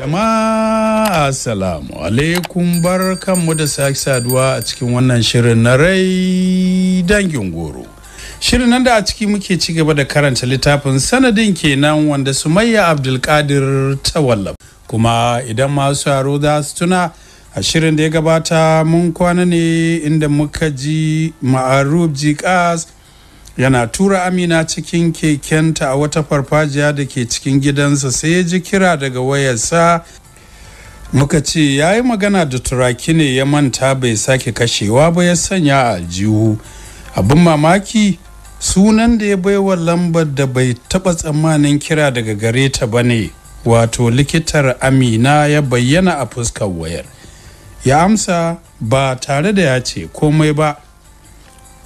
Jama'a Assalamu alaikum bar kanmu da sake saduwa a cikin wannan shirin na rai dangin goro. Shirin nan da a ciki muke ci gaba da karanta littafin sanadin kenan wanda Sumayya Abdulkadir ta wallafa. Kuma idan masu yaro za su tuna a shirin da ya gabata mun kwana ne inda muka ji ma'arub jikas yana tura amina cikin kekenta a wata farfajiya da ke cikin gidansa sai ya ji kira daga wayarsa muka ce ya yi magana da turaki ne ya manta bai sake kashewa ba ya sanya a aljihu abin mamaki sunan da ya baiwa lambar da bai taba tsammanin kira daga gare ta ba ne wato likitar amina ya bayyana a fuskar wayar ya amsa ba tare da ya ce komai ba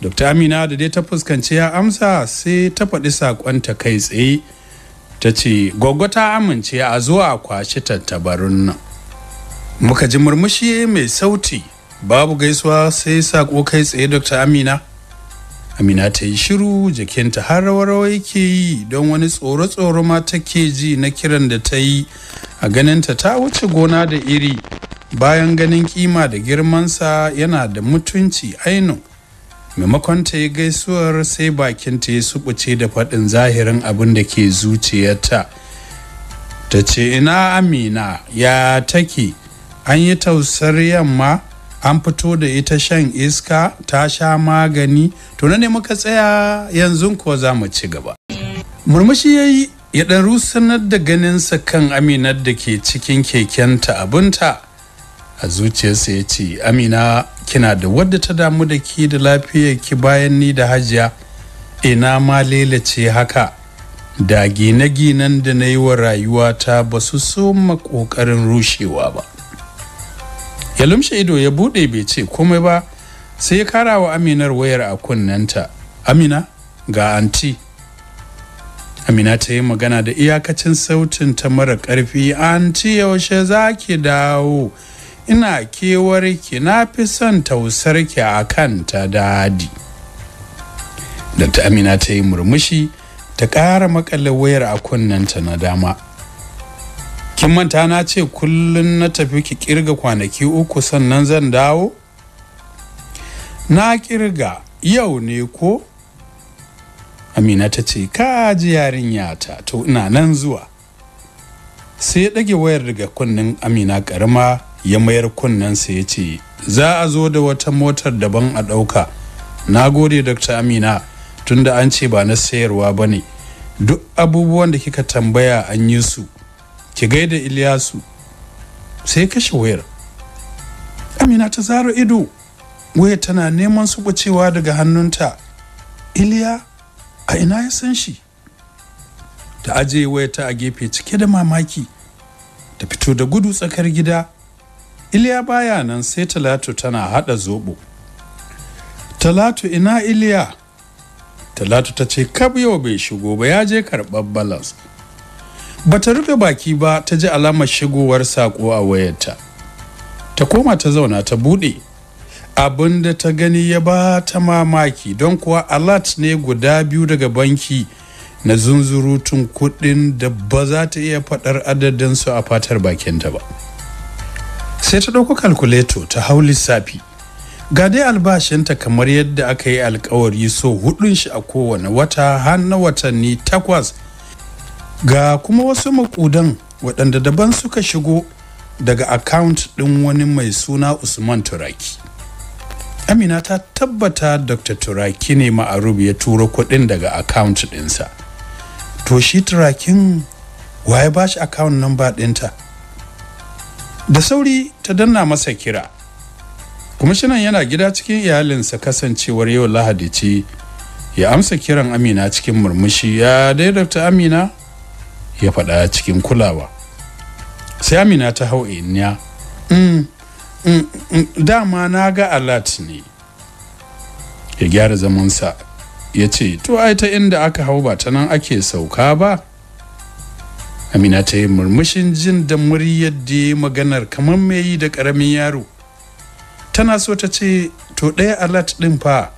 dr amina da dai ta fuskanci ya amsa sai ta faɗi saƙonta kai tsaye ta ce gwaggo ta amince a zuwa a kwashi tantabarun nan muka ji murmushi mai sauti babu gaisuwa sai saƙo kai tsaye dr amina amina ta yi shiru jikinta har rawa yake yi don wani tsoro-tsoro ma take ji na kiran da ta yi a ganinta ta wuce gona da iri bayan ganin kima da girmansa yana da mutunci ainihin maimakon ta yi gaisuwar sai bakin ta yi subuce da faɗin zahirin abin da ke zuciyarta ta ce ina amina ya take an yi tausar yamma an fito da ita shan iska ta sha magani to ne muka tsaya yanzu ko za mu ci gaba murmushi ya yi ya ɗan rusunar da ganinsa kan aminar da ke cikin kekenta abunta. a zuciyarsa ya ce amina kina da wadda ta damu da ki da lafiyar ki bayan ni da hajiya ina ma lalace haka da gine-ginen da na yi wa rayuwata ba su soma ƙoƙarin rushewa ba ya lumshe ido ya buɗe bai ce komai ba sai ya kara wa aminar wayar a kunnenta. amina ga anti amina ta yi magana da iyakacin sautin ta mara ƙarfi anti yaushe za ki dawo ina kewar ki na fi son tausar ki a kan ta dadi da amina ta yi murmushi ta ƙara makalle wayar a kunnanta na dama kin manta na ce kullum na tafi ki kirga kwanaki uku sannan zan dawo na kirga yau ne ko amina ta ce ka ji yarinya ta to ina nan zuwa sai ya ɗage wayar daga kunnen amina ƙarama ya mayar kunnensa ya ce za a zo da wata motar daban a ɗauka na gode dr amina tunda an ce ba na sayarwa ba ne duk abubuwan da kika tambaya an yi su ki gaida iliyasu sai kashe wayar amina ta zaro ido waya tana neman su bacewa daga hannunta iliya a ina ya san shi ta aje waya ta a gefe cike da mamaki ta fito da gudu tsakar gida iliya baya nan sai talatu tana hada zobo talatu ina iliya talatu ta ce kab yau bai shigo ba ya je karɓar balas ba ta rufe baki ba ta ji alamar shigowar saƙo a wayarta ta koma ta zauna ta buɗe abin da ta gani ya ba ta mamaki don kuwa alat ne guda biyu daga banki na zunzurutun kuɗin da ba za ta iya faɗar su a fatar bakinta ba. sai ta ɗauko kalkuleto ta hau lissafi ga dai albashinta kamar yadda aka yi alkawari so hudun shi a kowane wata har na watanni takwas ga kuma wasu makudan waɗanda daban suka shigo daga account ɗin wani mai suna usman turaki amina ta tabbata dr turaki ne ma'arub ya turo kuɗin daga account ɗinsa to shi turakin waye ba shi account number ɗinta da sauri ta danna masa kira kwamishinan yana gida cikin iyalinsa kasancewar yau lahadi ce ya amsa kiran amina cikin murmushi ya daidaita amina ya faɗa cikin kulawa sai amina ta hau inya mm, mm, mm, dama na ga alat ne ya gyara zamansa ya ce to ai ta inda aka hau ba ta nan ake sauka ba amina ta yi murmushin jin da muryar da maganar kamar mai yi da ƙaramin yaro tana so ta ce to ɗaya alat ɗin fa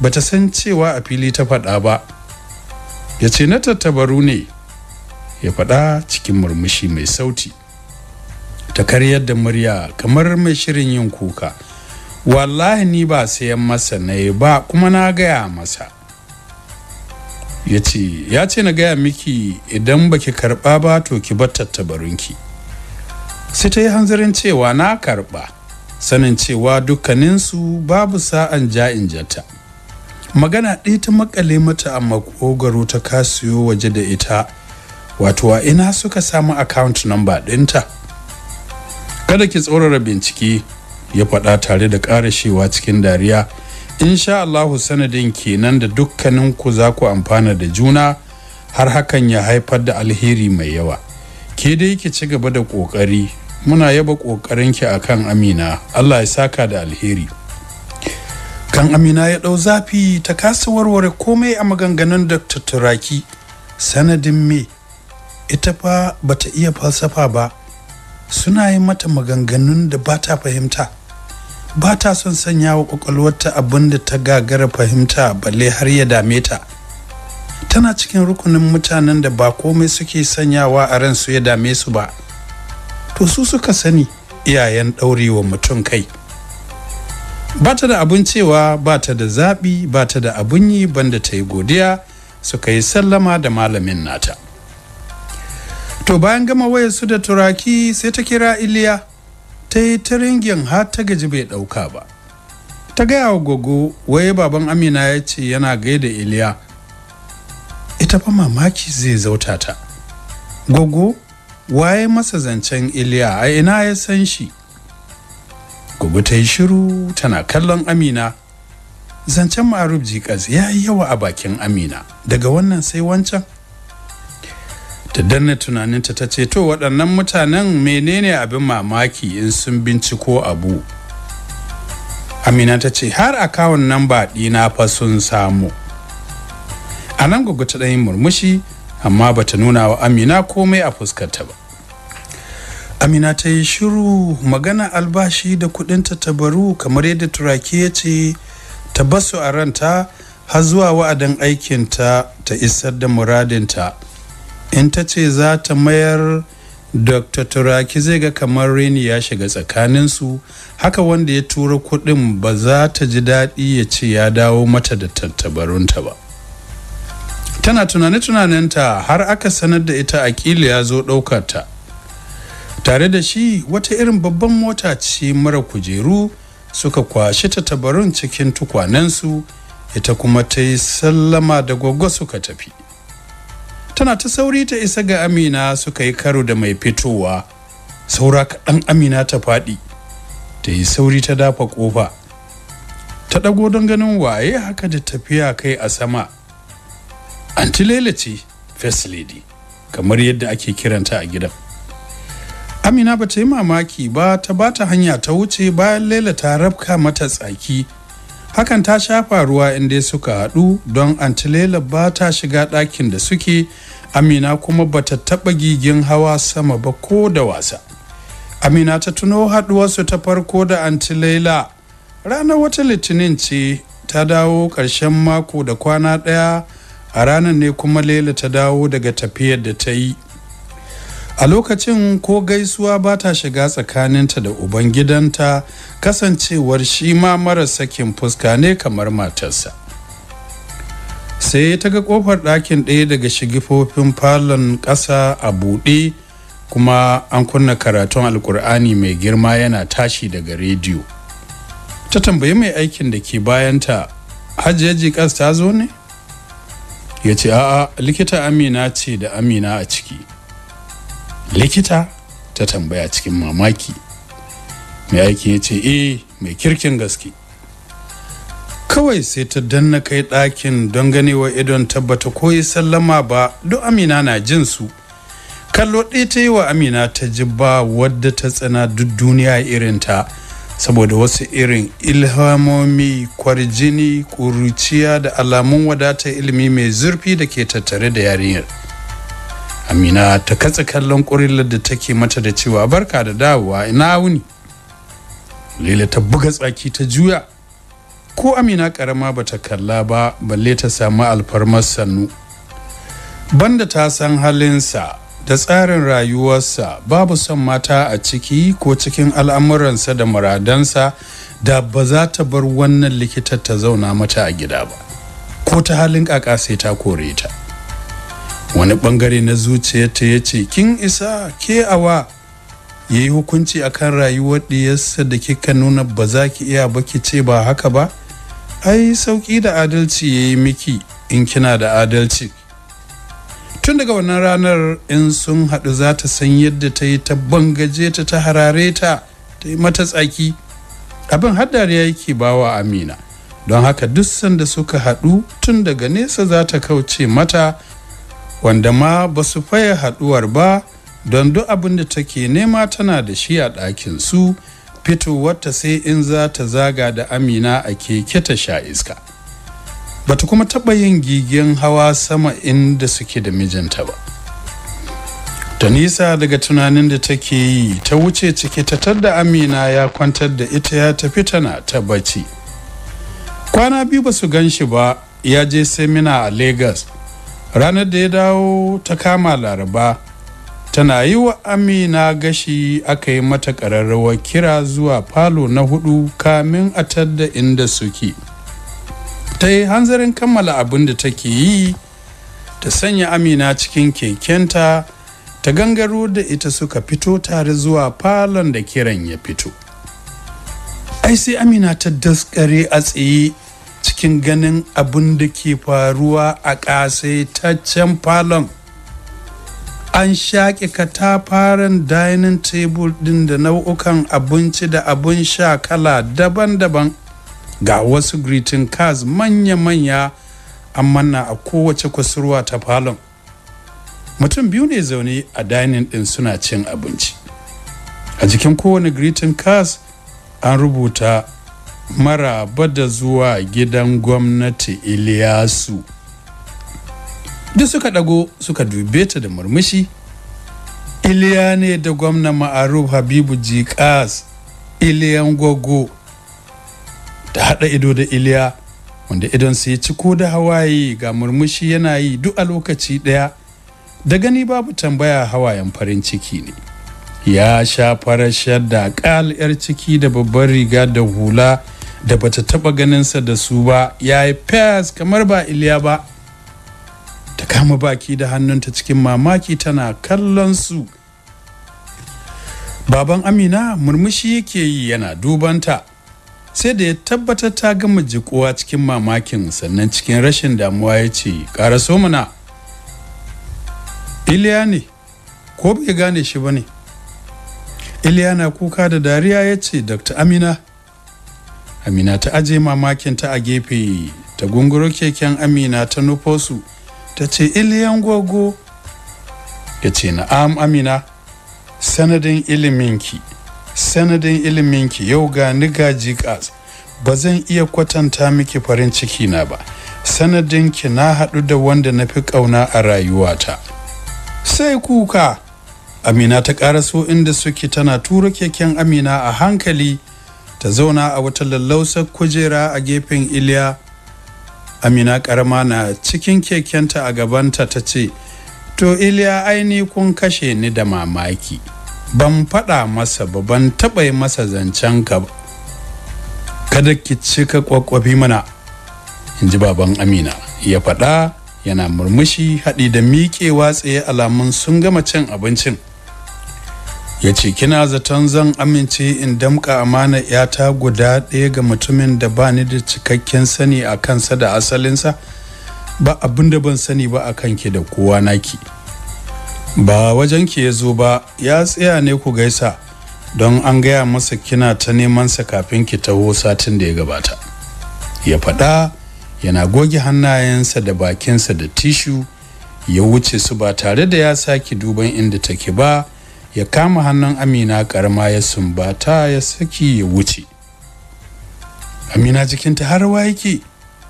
Ba ta san cewa a fili ta faɗa ba ya ce na tattabaru ne ya faɗa cikin murmushi mai sauti ta karyar da murya kamar mai shirin yin kuka wallahi ni ba sayan masa na ba kuma na gaya masa ya ce na gaya miki idan baki karba ba to ki bar tattabarunki sai ta yi hanzarin cewa na karba sanin cewa dukkaninsu babu sa'an ja'in jata magana ɗaya ta makale mata a makogaro ta siyo waje da ita wato wa ina suka samu account number ɗinta kada ki tsorara bincike ya faɗa tare da ƙarashewa cikin dariya insha Allahu sanadin kenan da dukkaninku za ku amfana da juna har hakan ya haifar da alheri mai yawa ke dai ki ci gaba da ƙoƙari muna yaba ƙoƙarinki a kan amina Allah ya saka da alheri kan amina ya ɗau zafi ta kasa warware komai a maganganun da turaki sanadin me ita fa bata iya falsafa ba suna yi mata maganganun da ba ta fahimta ba ta son sanya wa kwakwalwarta abin da ta gagara fahimta balle har ya dame ta tana cikin rukunin mutanen da ba komai suke sanyawa a ransu ya dame su ba to su suka sani iyayen wa mutum kai ba ta da abin cewa ba ta da zaɓi ba ta da abin yi banda ta yi godiya suka yi sallama da malamin nata to bayan gama wayar su da turaki sai ta kira iliya ta yi ta ringin har ta gaji bai ɗauka ba ta gaya wa gogo waye baban amina ya ce yana gaida iliya ita fa mamaki zai zauta ta gogo waye masa zancen iliya a ina ya san shi gogo ta yi shiru tana kallon amina zancen ma'aruf jikas ya yi yawa a bakin amina daga wannan sai wancan da danna tunaninta ta ce to waɗannan mutanen menene abin mamaki in sun binciko abu amina ta ce har akawun nan ba ɗina fa sun samu a nan gugu ta ɗanyin murmushi amma ba ta nuna wa amina komai a fuskarta ba amina ta yi shiru magana albashi da ta tabaru kamar yadda turake ya ce ta basu a ranta har zuwa wa'adin aikinta ta isar da muradinta in ta ce za ta mayar dr turaki zai ga kamar reni ya shiga tsakaninsu haka wanda ya tura kudin ba za ta ji daɗi ya ce ya dawo mata da tattabarunta ba tana tunane tunaninta har aka sanar da ita akili ya zo ɗaukar tare da shi wata irin babban mota ce mara kujeru suka kwashi tattabarun cikin tukwanensu ita kuma ta yi sallama da gwaggo suka tafi tana ta sauri ta isa ga amina suka yi karo da mai fitowa saura kaɗan amina ta faɗi ta yi sauri ta dafa ƙofa ta ɗago don ganin waye haka da tafiya kai a sama anti ce first lady kamar yadda ake kiranta a gidan amina ba ta yi mamaki ba ta ba ta hanya ta wuce bayan lela ta rabka mata tsaki hakan ta shafa ruwa inda suka haɗu don antilela ba ta shiga ɗakin da suke amina kuma bata taɓa gigin hawa sama ba ko da wasa amina ta tuno haɗuwarsu ta farko da anti laila ranar wata litinin ce ta dawo ƙarshen mako da kwana ɗaya a ranar ne kuma laila ta dawo daga tafiyar da ta yi a lokacin ko gaisuwa ba ta shiga tsakaninta da ubangidanta kasancewar shi ma mara sakin fuska ne kamar matarsa sai ta ga kofar ɗakin ɗaya daga shigifofin falon ƙasa a buɗe kuma an kunna karatun alkur'ani mai girma yana tashi daga rediyo ta tambayi mai aikin da ke bayanta hajjaji ƙas ta zo ne ya ce a'a likita amina ce da amina a ciki likita ta tambaya cikin mamaki mai aiki ya ce e, mai kirkin gaske kawai sai ta danna kai ɗakin don ganewa idon tabbata ko yi sallama ba duk amina na jin su kallo ɗaya ta yi wa amina ta ji ba wadda ta tsana duk duniya irin ta, saboda wasu irin ilhamomi kwarjini ƙuruciya da alamun wadatar ilimi mai zurfi da ke tattare da yarinyar amina ta katse kallon ƙurillar da take mata da cewa barka da dawowa ina wuni lila ta buga tsaki ta juya ko amina karama bata kalla ba balle ta samu alfarmar sannu banda ta san halinsa da tsarin rayuwarsa babu son mata a ciki ko cikin al'amuransa da muradansa da ba za ta bar wannan likitar ta zauna mata a gida ba ko ta halin kaka sai ta kore ta wani bangare na zuciyarta ya ce kin isa ke awa ya yi hukunci akan rayuwar diyarsa da kika nuna ba za ki iya ba ki ce ba haka ba ai sauki da adalci ya yi miki in kina da adalci tun daga wannan ranar in sun haɗu za ta san yadda ta yi ta bangaje ta ta harare ta ta yi mata tsaki abin ya yake bawa amina don haka duk sanda suka haɗu tun daga nesa za ta kauce mata wanda ma ba su faya haɗuwar ba don duk abin da take nema tana da shi a ɗakin su Fito fitowarta sai in za ta zaga da amina a keke ta sha iska bata kuma taɓa yin gigiyan hawa sama inda suke da mijinta ba ta nisa daga tunanin da take yi ta wuce ciki ta da amina ya kwantar da ita ya tafi tana ta bacci kwana biyu ba su gan shi ba ya je semina a lagos ranar da ya dawo ta kama laraba tana yi wa amina gashi aka yi mata ƙararrawar kira zuwa falo na hudu kamin a tadda inda suke ta yi hanzarin kammala abin da take yi ta sanya amina cikin kekenta ta gangaro da ita suka fito tare zuwa falon da kiran ya fito ai sai amina ta daskare a tsaye cikin ganin abin da ke faruwa a ƙasaitaccen falon an shaƙe katafaren dining table ɗin da nau'ukan abinci da abin sha kala daban-daban ga wasu greeting cards manya-manya an manna a kowace kusurwa ta falon mutum biyu ne zaune a dining ɗin suna cin abinci a jikin kowane greeting cards an rubuta maraba da zuwa gidan gwamnati iliyasu duk suka ɗago suka dube ta da murmushi iliya ne da gwamna ma'aruf habibu jikas iliyan gwaggo ta haɗa ido da iliya wanda idan su ya ciko da hawaye ga murmushi yana yi duk a lokaci ɗaya da gani babu tambaya hawayen farin ciki ne ya sha farashar da ƙal 'yar ciki da babbar riga da hula da bata taɓa ganinsa da su ba Yayi yi kamar ba iliya ba ta kama baki da hannunta cikin mamaki tana kallon su baban amina murmushi yake yi yana dubanta sai da ya tabbatar ta gama jikuwa cikin mamakin sannan cikin rashin damuwa ya ce ƙaraso mana iliya ne ko bai gane shi ba ne iliya na kuka da dariya ya ce dr amina amina ta aje mamakin ta a gefe ta gunguro keken amina ta nufo su ta ce iliyan gogo ya ce na'am amina sanadin iliminki sanadin iliminki yau ga ni ga jikas ba zan iya kwatanta miki farin ciki na ba sanadinki na haɗu da wanda na fi ƙauna a rayuwata sai kuka amina ta so inda suke tana tura keken amina a hankali ta zauna a wata lallausar kujera a gefen iliya amina karama na cikin kekenta a gabanta ta ce to iliya aini kun kashe ni da mamaki ban faɗa masa ba ban taɓa masa zancen ka ba kada ki cika kwakwafi mana in ji baban amina ya faɗa yana murmushi haɗi da miƙewa tsaye alamun sun gama cin abincin ya ce kina zaton zan amince in damka amana yata guda ɗaya ga mutumin da ba ni da cikakken sani a kansa da asalinsa ba abin da ban sani ba a kanki da kowa naki ba wajen ki ya zo ba ya tsaya ne ku gaisa don an gaya masa kina ta neman sa kafin ki taho satin da ya gabata ya faɗa yana goge hannayensa da bakinsa da tishu ya wuce su ba tare da ya sake duban inda take ba ya kama hannun amina karama ya sumbata ya saki ya wuce amina jikinta har wa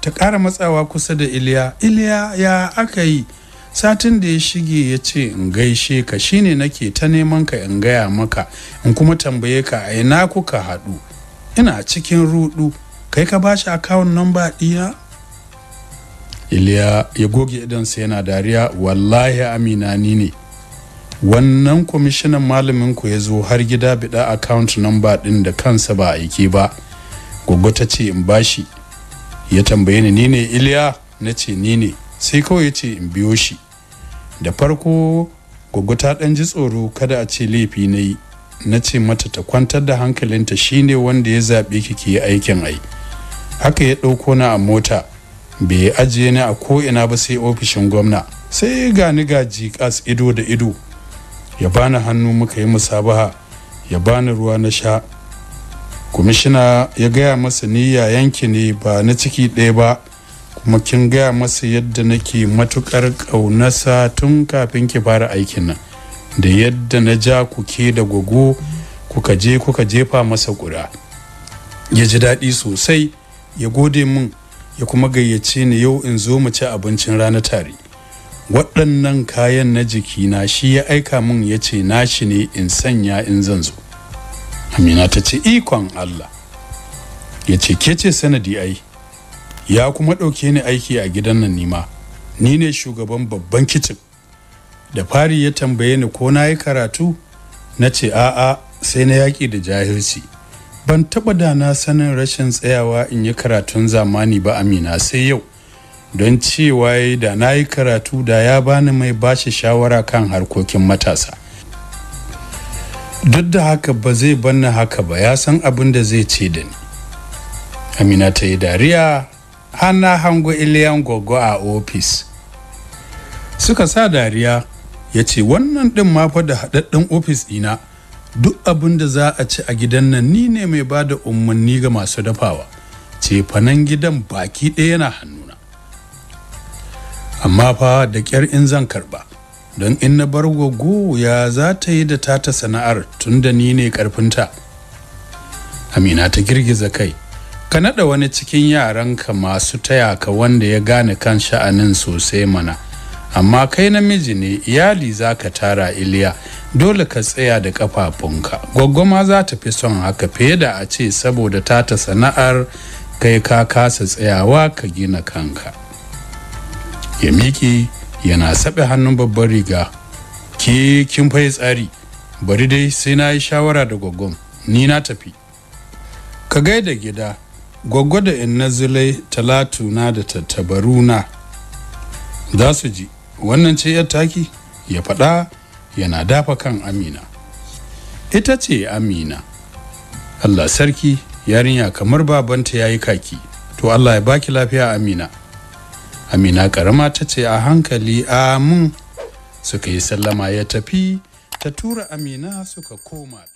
ta ƙara matsawa kusa da iliya iliya ya aka yi satin da ya shige ya ce in gaishe ka shine nake ta neman ka in gaya maka in kuma tambaye ka a ina kuka haɗu ina cikin rudu kai ka bashi akawun namba ɗina iliya ya goge idansa yana dariya wallahi amina ni ne wannan kwamishinan malamin ku ya zo har gida bida account number din da kansa ba aiki ba gogo ta ce in bashi ya tambaye ni nine iliya na ce ni sai kawai ya ce in biyo shi da farko gogo ta dan ji tsoro kada a ce laifi na yi na ce mata ta kwantar da hankalinta shine wanda ya zaɓe ki ki aikin ai haka ya ɗauko na a mota bai ajiye ni a ko ina ba sai ofishin gwamna sai ga ni ga jikas ido da ido ya bani hannu muka yi musabaha ya bani ruwa na sha kwamishina ya gaya masa ni ya yanki ne ba na ciki ɗaya ba kuma kin gaya masa yadda nake matukar ƙaunasa tun kafin ki fara aikin nan da yadda na ja ku ke da gwago kuka je kuka jefa masa guda. ya ji daɗi sosai ya gode min ya kuma gayyace ni yau in zo mu ci abincin rana tare waɗannan kayan na jiki na shi ya aika min ya ce nashi ne in sanya in zan zo amina ta ce ikon allah ya ce ke ce sanadi ai ya kuma ɗauke ni aiki a gidan nan nima ni ne shugaban babban kicin da fari ya tambaye ni ko na yi karatu na ce a'a sai na yaƙi da jahilci ban taɓa da na sanin rashin tsayawa in yi karatun zamani ba amina sai yau don cewa da na yi karatu da ya bani mai bashi shawara kan harkokin matasa duk da haka ba zai banna haka ba ya san abin da zai ce da ni amina ta yi dariya hana hango iliyan gogo a ofis suka sa dariya ya ce wannan ɗin mafa da haɗaɗɗen ofis ɗina duk abin da za a ci a gidan nan ni ne mai ba da umarni ga masu dafawa fanan gidan baki ɗaya yana hannu amma fa da ƙyar in zan karba don in na bar gogo ya za ta yi da tata sana'ar tun da ni ne karfinta amina ta girgiza kai ka naɗa wani cikin yaranka masu taya ka wanda ya gane kan sha'anin sosai mana amma kai namiji ne iyali za ka tara iliya dole ka tsaya da kafafunka gwaggwama za ta fi son haka fiye da a ce saboda tata sana'ar kai ka kasa tsayawa ka gina kanka ya miƙe yana saɓe hannun babban riga ke kin faye tsari bari dai sai na yi shawara da gwaggon ni na tafi ka gaida gida gwaggo da in na talatu na da tattabaru na za su ji wannan ce yar taki ya faɗa yana dafa kan amina ita ce amina allah sarki yarinya kamar babanta yayi kaki to allah ya baki lafiya amina amina karama ta ce a hankali amin suka yi sallama ya tafi ta tura amina suka koma